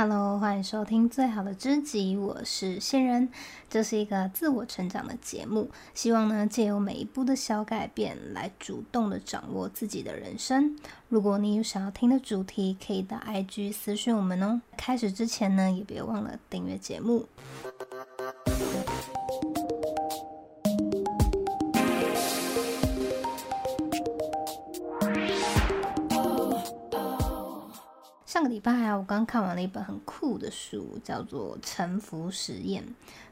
Hello，歡迎收聽最好的知己，我是仙人。這是一個自我成長的節目，希望呢，借由每一步的小改變，來主動的掌握自己的人生。如果你有想要聽的主題，可以到 IG 私訊我們哦。開始之前呢，也別忘了訂閱節目。上個禮拜啊，我剛看完了一本很酷的書，叫做《臣服實驗》。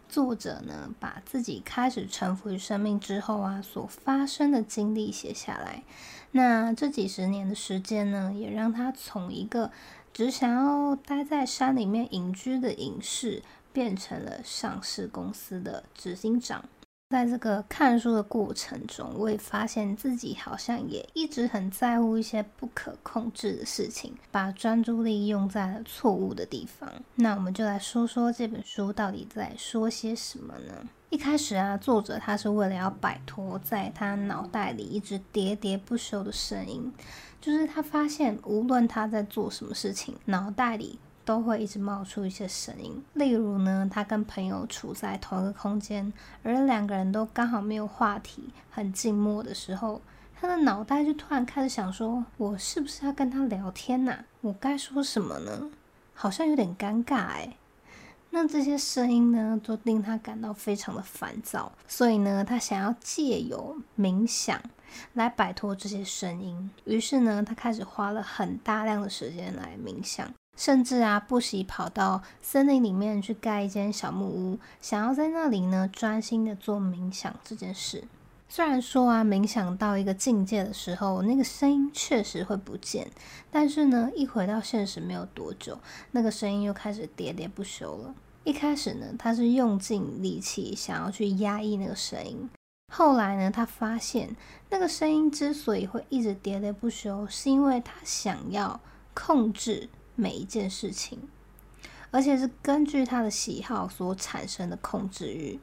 作者呢，把自己開始臣服於生命之後啊，所發生的經歷寫下來。那這幾十年的時間呢，也讓他從一個只想要待在山裡面隱居的隱士，變成了上市公司的執行長。在這個看書的過程中，我也發現自己好像也一直很在乎一些不可控制的事情，把專注力用在了錯誤的地方。那我們就來說說這本書到底在說些什麼呢？一開始啊，作者他是為了要擺脫在他腦袋裡一直喋喋不休的聲音，就是他發現無論他在做什麼事情，腦袋裡……都會一直冒出一些聲音，例如呢，他跟朋友處在同一個空間，而兩個人都剛好沒有話題，很靜默的時候，他的腦袋就突然開始想說：“我是不是要跟他聊天吶？我該說什麼呢？好像有點尷尬誒，那這些聲音呢，都令他感到非常的煩躁，所以呢，他想要借由冥想來擺脫這些聲音。於是呢，他開始花了很大量的時間來冥想。甚至啊，不惜跑到森林裡面去蓋一間小木屋，想要在那裡呢專心的做冥想這件事。雖然說啊，冥想到一個境界的時候，那個聲音確實會不見，但是呢，一回到現實沒有多久，那個聲音又開始喋喋不休了。一開始呢，他是用盡力氣想要去壓抑那個聲音，後來呢，他發現那個聲音之所以會一直喋喋不休，是因為他想要控制。每一件事情，而且是根據他的喜好所產生的控制欲，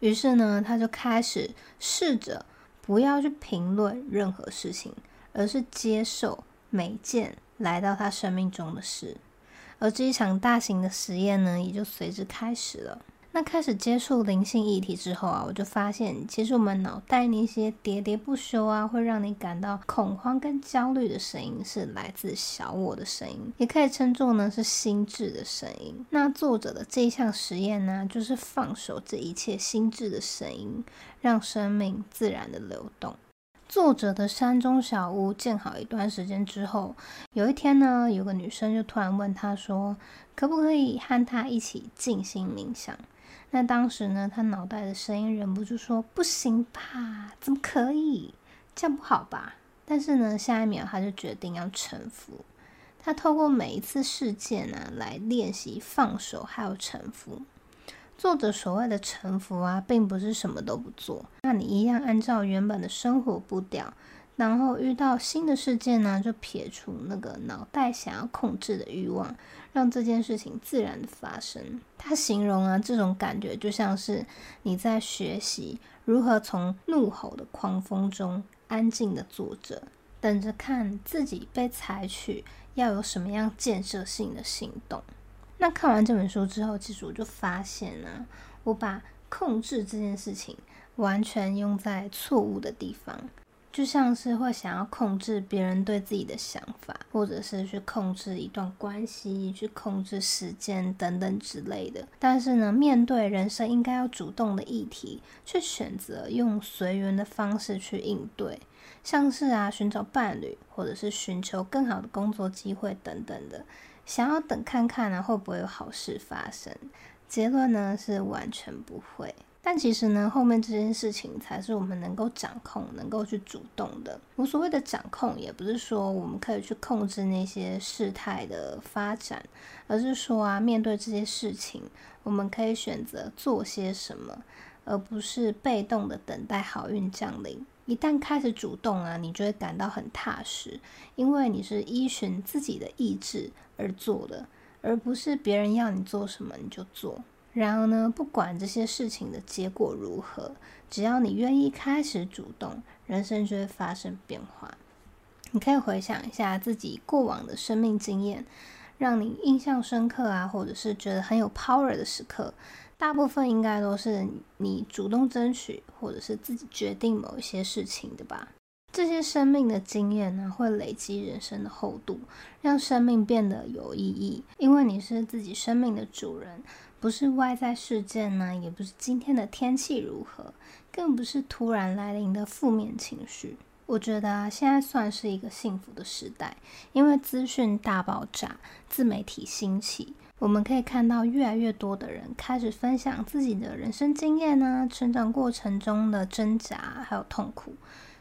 於是呢，他就開始試着不要去評論任何事情，而是接受每件來到他生命中的事。而這一場大型的實驗呢，也就隨之開始了。那開始接觸靈性議題之後啊，我就發現，其實我們腦袋那些喋喋不休啊，會讓你感到恐慌跟焦慮的聲音，是來自小我的聲音，也可以稱作呢是心智的聲音。那作者的這一項實驗呢，就是放手這一切心智的聲音，讓生命自然的流動。作者的山中小屋建好一段時間之後，有一天呢，有個女生就突然問他說：“可不可以和她一起靜心冥想？”那當時呢，他腦袋的聲音忍不住說：“不行吧？怎麼可以？這樣不好吧？”但是呢，下一秒他就決定要臣服。他透過每一次事件呢、啊，來練習放手，還有臣服。作者所謂的臣服啊，並不是什麼都不做，那你一樣按照原本的生活步調。然後遇到新的事件呢，就撇除那個腦袋想要控制的慾望，讓這件事情自然的發生。他形容啊，這種感覺就像是你在學習如何從怒吼的狂風中安靜的坐着，等着看自己被採取要有什麼樣建設性的行動。那看完這本書之後，其實我就發現呢、啊，我把控制這件事情完全用在錯誤的地方。就像是會想要控制別人對自己的想法，或者是去控制一段關係，去控制時間等等之類的。但是呢，面對人生應該要主動的議題，卻選擇用隨緣的方式去應對，像是啊尋找伴侶，或者是尋求更好的工作機會等等的，想要等看看呢，啊、會不會有好事發生。結論呢是完全不會。但其實呢，後面這件事情才是我們能夠掌控，能夠去主動的。我所謂的掌控，也不是說我們可以去控制那些事態的發展，而是說啊，面對這些事情，我們可以選擇做些什麼，而不是被動的等待好運降臨。一旦開始主動啊，你就會感到很踏實，因為你是依循自己的意志而做的，而不是別人要你做什麼你就做。然而呢，不管這些事情的結果如何，只要你願意開始主動，人生就會發生變化。你可以回想一下自己過往的生命經驗，讓你印象深刻啊，或者是覺得很有 power 的時刻，大部分應該都是你主動爭取，或者是自己決定某一些事情的吧。這些生命的經驗呢，會累積人生的厚度，讓生命變得有意義，因為你是自己生命的主人。不是外在事件呢、啊，也不是今天的天氣如何，更不是突然來臨的負面情緒。我覺得啊，現在算是一個幸福的時代，因為資訊大爆炸，自媒體興起，我們可以看到越來越多的人開始分享自己的人生經驗呢、啊，成長過程中的掙扎還有痛苦，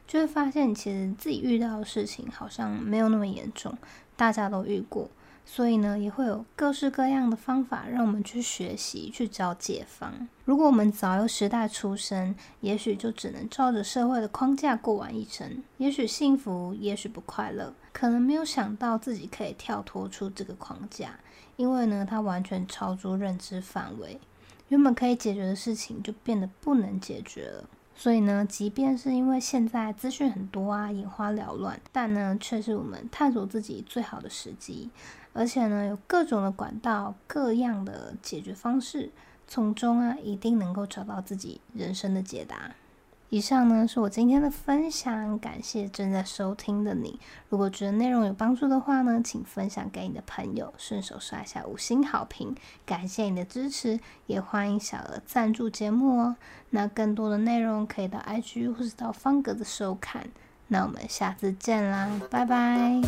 就會發現你其實自己遇到的事情好像沒有那麼嚴重，大家都遇過。所以呢，也會有各式各樣的方法讓我們去學習，去找解方。如果我們早有時代出生，也許就只能照着社會的框架過完一生，也許幸福，也許不快樂，可能沒有想到自己可以跳脫出這個框架，因為呢，它完全超出認知範圍，原本可以解決的事情就變得不能解決了。所以呢，即便是因為現在資訊很多啊，眼花繚亂，但呢，卻是我們探索自己最好的時機。而且呢，有各種的管道，各樣的解決方式，從中啊，一定能夠找到自己人生的解答。以上呢，是我今天的分享，感謝正在收聽的你。如果覺得內容有幫助的話呢，請分享給你的朋友，順手刷一下五星好評，感謝你的支持，也歡迎小額贊助節目哦。那更多的內容可以到 IG 或是到方格子收看。那我們下次見啦，拜拜。